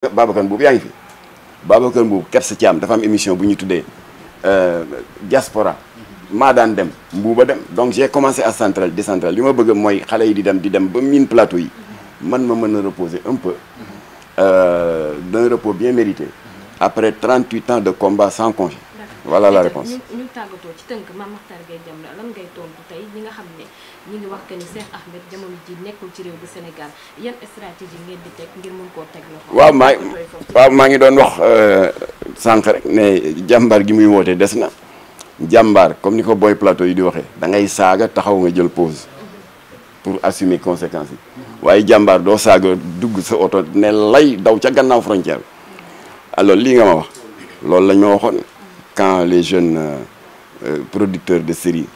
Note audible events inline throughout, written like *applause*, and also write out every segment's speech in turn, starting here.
Babacar Mbuub yaa ngi fi Babacar Mbuub Kebs Thiam dafa am émission bu ñu tuddee euh, diaspora maa daan dem mbuuba dem donc j'ai commencé à central décentral li ma bëgg mooy xale yi di dem di dem ba miin plateau yi man ma mën a reposer un peu euh, d'un repos bien mérité après 38 ans de combat sans congé voilà la réponse waaw maa waaw maa ngi doon wax euh, sànq rek ne jàmbaar gi muy woote des na jàmbaar comme ni ko boy plateau yi di waxee da ngay saaga taxaw nga jël pause pour assumer conséquence yi waaye jàmbaar doo saaga dugg sa oto ne lay daw ca gannaaw frontière alors lii nga ma wax loolu lañ ma waxoon quand les jeunes euh, euh, producteur de séries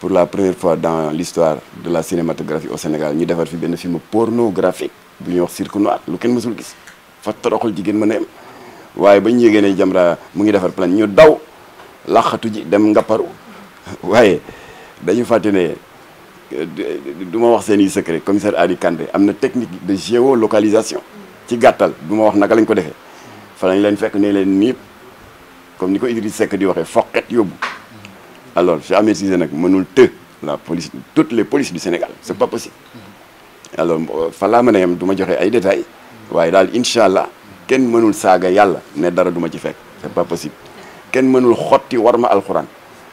pour la première fois dans l'histoire de la cinématographie au Sénégal ñu defar fi benn film pornographique bu ñu wax cirque noir lu kenn mësul gis fa toroxul jigéen mën a yem waaye ba ñu yégée ne Jamra mu ngi defar plan ñu daw laxatu ji dem ngapparu *laughs* waaye dañu fàtte ne euh, du ma wax seen i secret commissaire Ali Kandé am na technique de localisation ci gàttal du ma wax naka lañ ko defee fa lañ leen fekk ne leen niip comme ni ko Idriss sekk di waxee foqet yóbbu alors Cheikh Ahmed Cissé nag mënul të la police toutes les polices du Sénégal c'est pas possible alors euh, fa laa mën a yem du ma joxe ay détails waaye daal incha allah kenn mënul saaga yàlla ne dara duma ci fekk c'est pas possible kenn mënul xotti war ma alxuraan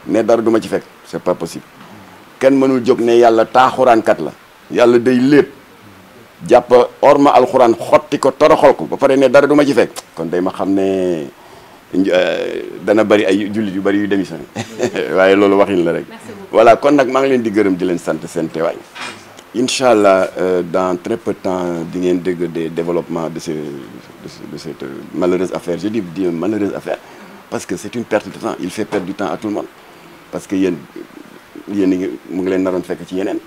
ne dara du ci fekk c'est pas possible kenn mënul jóg ne yàlla taaxuraankat la yàlla day lépp jàpp orma alxuraan xotti ko toroxol ko ba pare ne dara duma ci fekk kon day ma xam ne Euh, dana bari ay jullit yu bari yu démissionné *laughs* waaye loolu waxin la rek voilà kon nag maa ngi leen di gërëm di leen sant seen teewaay incha allah euh, dans très peu de temps di ngeen dégg des développements de ce de cette malheureuse affaire je dis bien malheureuse affaire parce que c'est une perte de temps il fait perdre du temps à tout parce que yéen yéen ngi mu ngi leen naroon fekk ci yeneen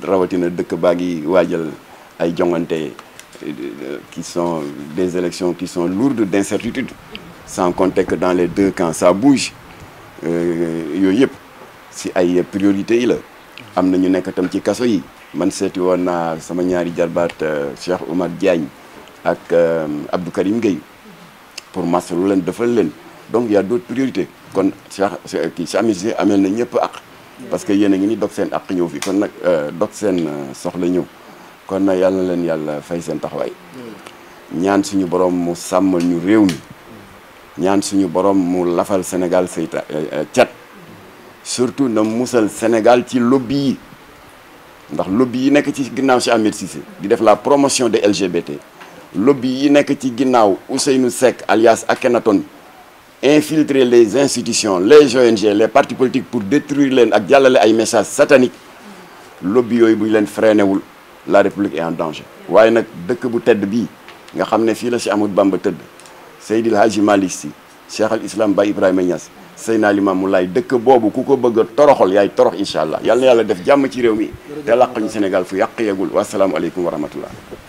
rawatina dëkk baa ngi waajal ay jongante euh, qui sont des élections qui sont lourdes d'incertitudes sans compter dans les deux camps ça bouge euh, yooyu yëpp si ay priorité yi la am na ñu nekk tam ci kaso yi man seeti woon naa sama ñaari jarbaat euh, Cheikh Oumar Diagne ak euh, Abdou Karim Gueye pour lu leen defal leen donc y a d'autres priorités kon Cheikh kii Chamisi amel na ñëpp ak parce que yéen a ngi ni dog seen ak ñëw fii kon nag dog seen soxla ñëw kon nag yàlla na leen yàlla fay seen taxawaay hmm. ñaan suñu borom mu sàmmal ñu réew mi ñaan suñu borom mu lafal Sénégal sayta eh, eh, cat surtout na musal Sénégal ci lobby yi ndax lobby yi nekk ci ginnaaw Cheikh Ahmed Cissé di def la promotion des LGBT lobby yi nekk ci ginnaaw Ousseynou Seck alias Akhenaton infiltrer les institutions les ONG les partis politiques pour détruire leen ak jàllale ay message satanique lobby yooyu bu leen freiné wul la république est en danger waaye nag dëkk bu tedd bi nga xam ne fii la si Ahmadou Bamba tëdd Seydil Hadji Malick Sy Cheikh al Islam Baye Ibrahima Niass Seydina Limaamu Laay dëkk boobu ku ko bëgg a toroxal yaay torox incha allah yal na yàlla def jàmm ci réew mi te làq ñu Sénégal fu yàq yeegul wasalaamualeykum wa rahmatullah